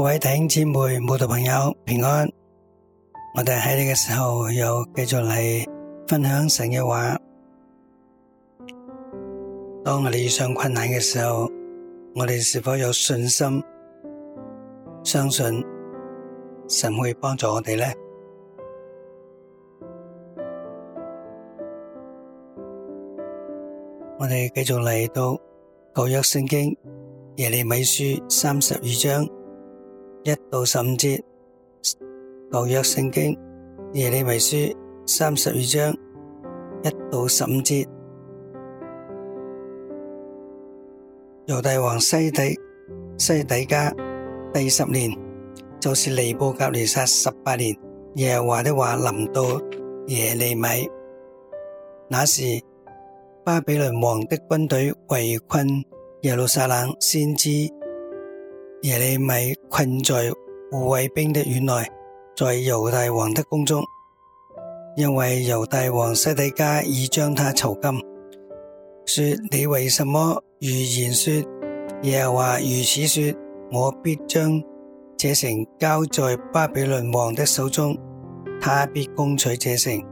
各位弟兄姊妹、慕道朋友平安，我哋喺呢個時候又繼續嚟分享神嘅話。當我哋遇上困難嘅時候，我哋是否有信心相信神會幫助我哋呢？我哋繼續嚟到舊約聖經耶利米書三十二章。一到十五節，舊約聖經耶利米書三十二章一到十五節，猶大王西底西底家第十年，就是尼布甲尼撒十八年，耶和華的話臨到耶利米，那時巴比倫王的軍隊圍困耶路撒冷，先知。耶利米困在護衛兵的院內，在猶大王的宮中，因為猶大王西底家已將他囚禁。說你為什麼預言說耶和華如此說？我必將這城交在巴比倫王的手中，他必攻取這城。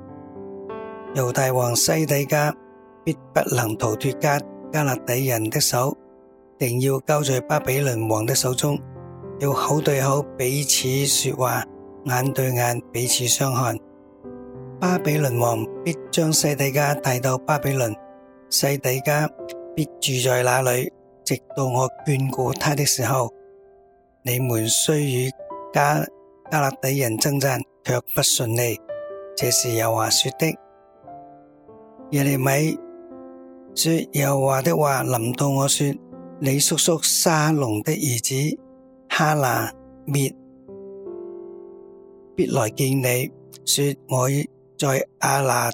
猶大王西底家必不能逃脫加加勒底人的手。一定要交在巴比倫王的手中，要口對口彼此說話，眼對眼彼此相看。巴比倫王必將西底家帶到巴比倫，西底家必住在那裏，直到我眷顧他的時候。你們雖與加加勒底人爭戰，却不順利，這是耶和華說的。耶利米說耶和華的話，臨到我說。你叔叔沙龍的兒子哈拿滅必來見你，說：我在亞拿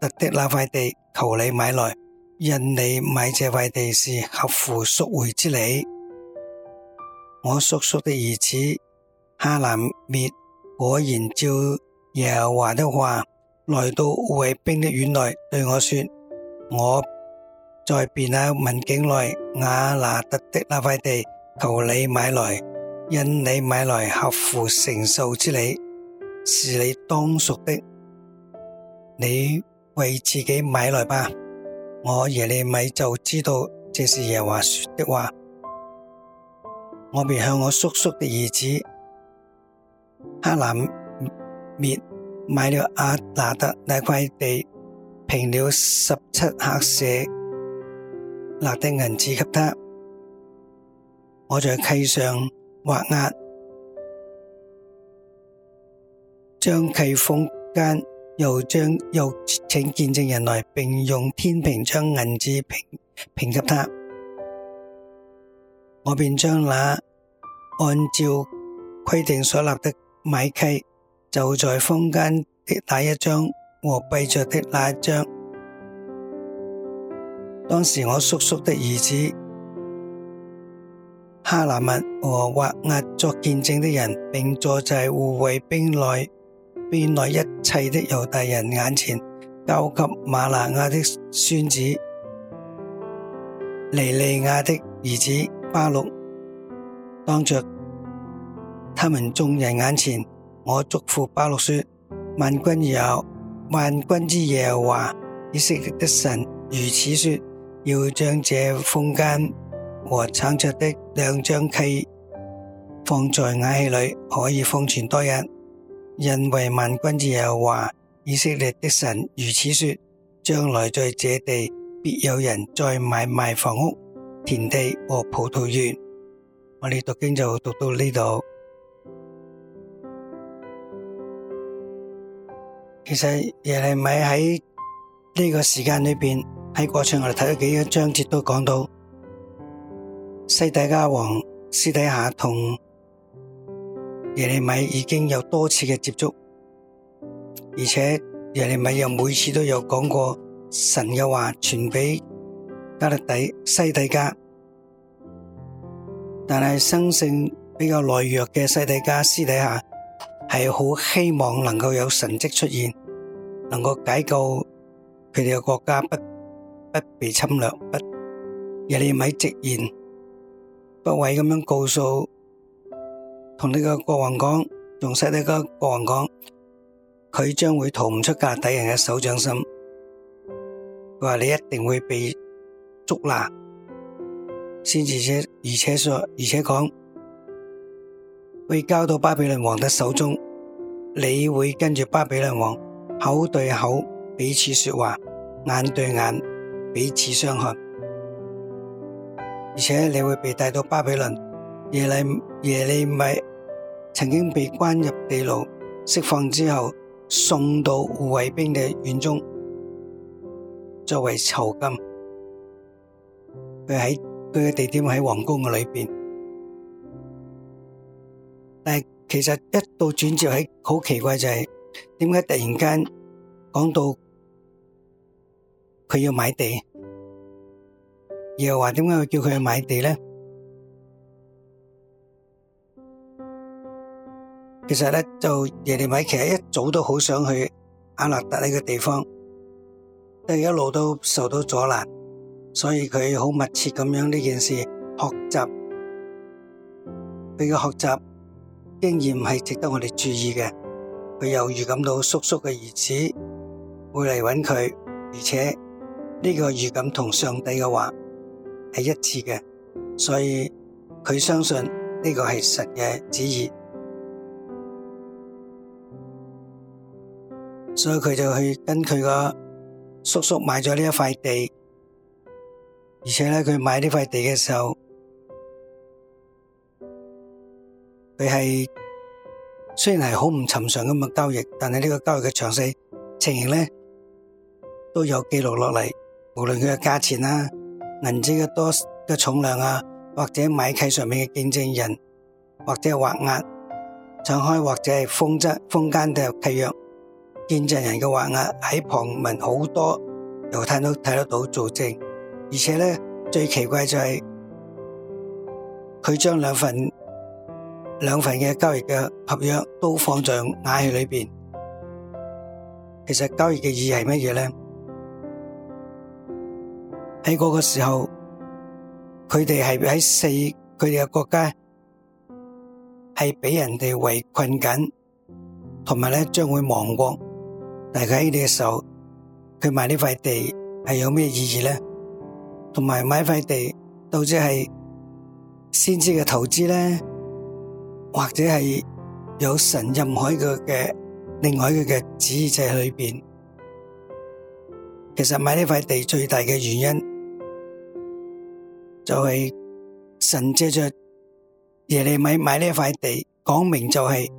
突的那塊地，求你買來，因你買這塊地是合乎贖回之理。我叔叔的兒子哈拿滅果然照耶和華的話來到衛兵的院內，對我說：我。在便雅憫境內亞拿突的那塊地，求你買來，因你買來合乎承受之理，是你當屬的，你為自己買來吧。我耶利米就知道這是耶華說的話，我便向我叔叔的兒子哈拿篾買了亞拿突那塊地，平了十七客舍。立的銀紙給他，我在契上畫押，將契封間由，又將又請見證人來，並用天平將銀紙平平給他。我便將那按照規定所立的買契，就在封間的那一張和閉着的那一張。當時我叔叔的兒子哈拿密和畫押作見證的人，並坐在護衛兵內，兵內一切的猶大人眼前，交給馬拿亞的孫子尼利亞的兒子巴錄，當着他們眾人眼前，我囑咐巴錄說：萬軍有萬軍之耶華，以色列的神如此說。要將這封間和產出的兩張契放在瓦器裏，可以放存多日。因為萬軍之耶和華，以色列的神如此說：將來在這地必有人再買賣房屋、田地和葡萄園。我哋讀經就讀到呢度。其實耶利米喺呢個時間裏邊。喺過去我哋睇咗幾個章節都講到，西底加王私底下同耶利米已經有多次嘅接觸，而且耶利米又每次都有講過神嘅話傳俾加勒底西底加。但係生性比較內弱嘅西底加私底下係好希望能夠有神蹟出現，能夠解救佢哋嘅國家不？不被侵略，不耶利米直言不諱咁樣告訴同呢個國王講，仲西呢個國王講，佢將會逃唔出格底人嘅手掌心。佢話你一定會被捉拿，先至且而且說而且講，會交到巴比倫王嘅手中。你會跟住巴比倫王口對口彼此說話，眼對眼。彼此傷害，而且你會被帶到巴比倫，耶利耶利米曾經被關入地牢，釋放之後送到護衛兵嘅院中作為囚禁。佢喺佢嘅地點喺皇宮嘅裏邊，但係其實一到轉折喺好奇怪就係點解突然間講到？佢要買地，又話點解叫佢去買地咧？其實咧，就耶利米其實一早都好想去亞勒達呢個地方，但係一路都受到阻攔，所以佢好密切咁樣呢件事學習，佢嘅學習經驗係值得我哋注意嘅。佢又預感到叔叔嘅兒子會嚟搵佢，而且，呢個預感同上帝嘅話係一致嘅，所以佢相信呢個係神嘅旨意，所以佢就去跟佢個叔叔買咗呢一塊地，而且咧，佢買呢塊地嘅時候，佢係雖然係好唔尋常咁嘅交易，但係呢個交易嘅詳細情形咧都有記錄落嚟。無論佢嘅價錢啊、銀紙嘅多嘅重量啊，或者買契上面嘅見證人，或者畫押、敞開或者係封則封間嘅契約，見證人嘅畫押喺旁文好多，猶太人都睇得到做證，而且咧最奇怪就係佢將兩份兩份嘅交易嘅合約都放在瓦器裏邊。其實交易嘅意義係乜嘢咧？喺嗰個時候，佢哋係喺四佢哋嘅國家係俾人哋圍困緊，同埋咧將會亡國。但係喺呢個時候，佢買呢塊地係有咩意義咧？同埋買呢塊地到底係先知嘅投資咧，或者係有神任喺佢嘅，另外一個嘅旨意在裏邊。其實買呢塊地最大嘅原因。就係神借着耶利米買呢一塊地，講明就係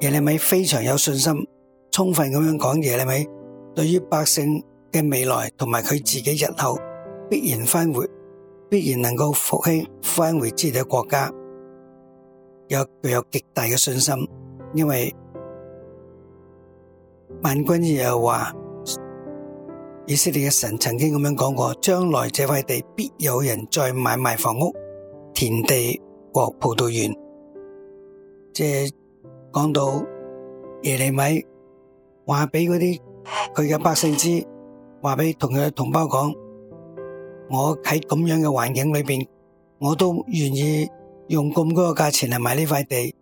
耶利米非常有信心、充分咁樣講，耶利米對於百姓嘅未來同埋佢自己日後必然翻回、必然能夠復興翻回自己國家，有具有極大嘅信心，因為萬軍又話。以色列嘅神曾經咁樣講過：將來這塊地必有人再買賣房屋、田地和葡萄園。即係講到耶利米話俾嗰啲佢嘅百姓知，話俾同佢嘅同胞講：我喺咁樣嘅環境裏邊，我都願意用咁高嘅價錢嚟買呢塊地。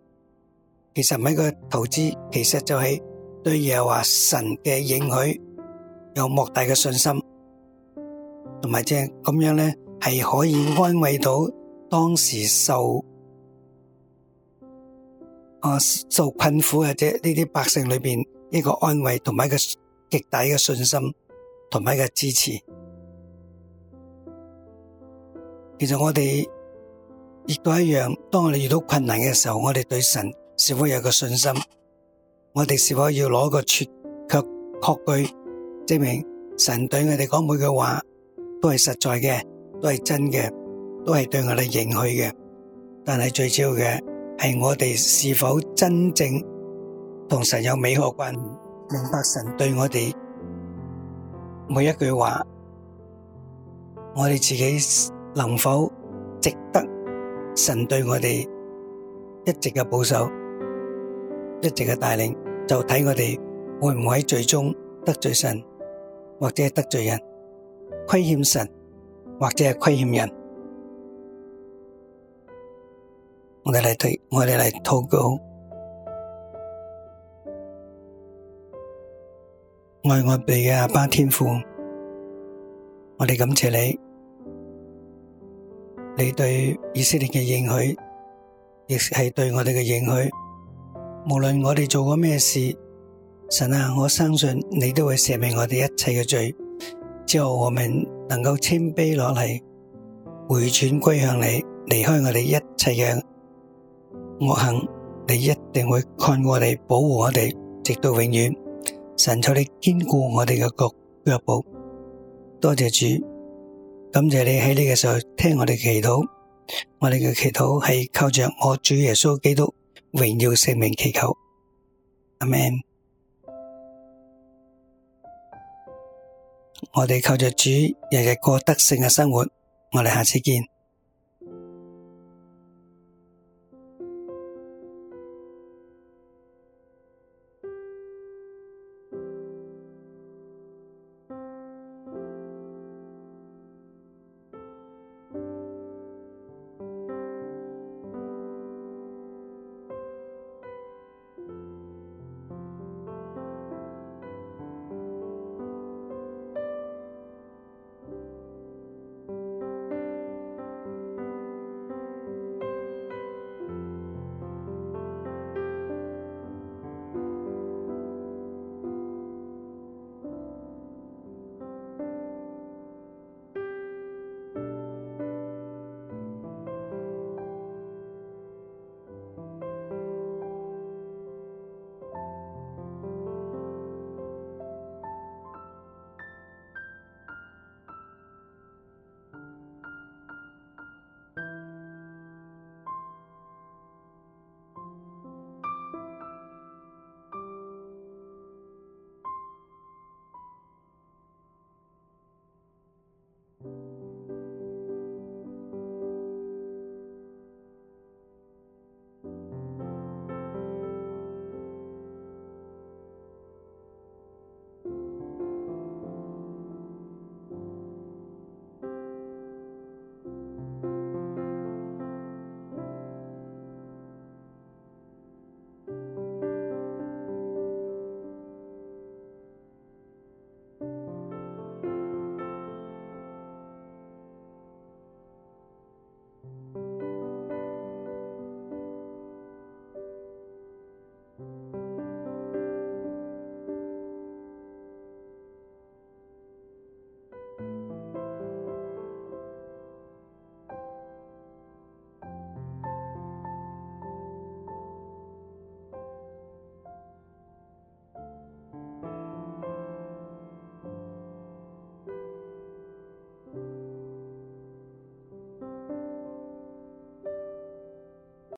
其實唔係個投資，其實就係對耶和華神嘅應許。有莫大嘅信心，同埋即係咁樣咧，係可以安慰到當時受啊受困苦嘅即係呢啲百姓裏邊一個安慰，同埋一個極大嘅信心，同埋一個支持。其實我哋亦都一樣，當我哋遇到困難嘅時候，我哋對神是否有個信心？我哋是否要攞個確確據？證明神對我哋講每句話都係實在嘅，都係真嘅，都係對我哋認可嘅。但係最重要嘅係我哋是否真正同神有美好關係，明白神對我哋每一句話，我哋自己能否值得神對我哋一直嘅保守，一直嘅帶領，就睇我哋會唔會喺最終得罪神。或者係得罪人、虧欠神，或者係虧欠人，我哋嚟對，我哋嚟禱告。愛我哋嘅阿巴天父，我哋感謝你，你對以色列嘅應許，亦係對我哋嘅應許，無論我哋做過咩事。神啊，我相信你都會赦免我哋一切嘅罪，只要我們能夠謙卑落嚟，回轉歸向你，離開我哋一切嘅惡行，你一定會看我哋，保護我哋，直到永遠。神求你堅固我哋嘅腳腳步，多謝主，感謝你喺呢個時候聽我哋祈禱，我哋嘅祈禱係靠着我主耶穌基督榮耀聖名祈求。阿們。我哋靠着主，日日過得勝嘅生活。我哋下次見。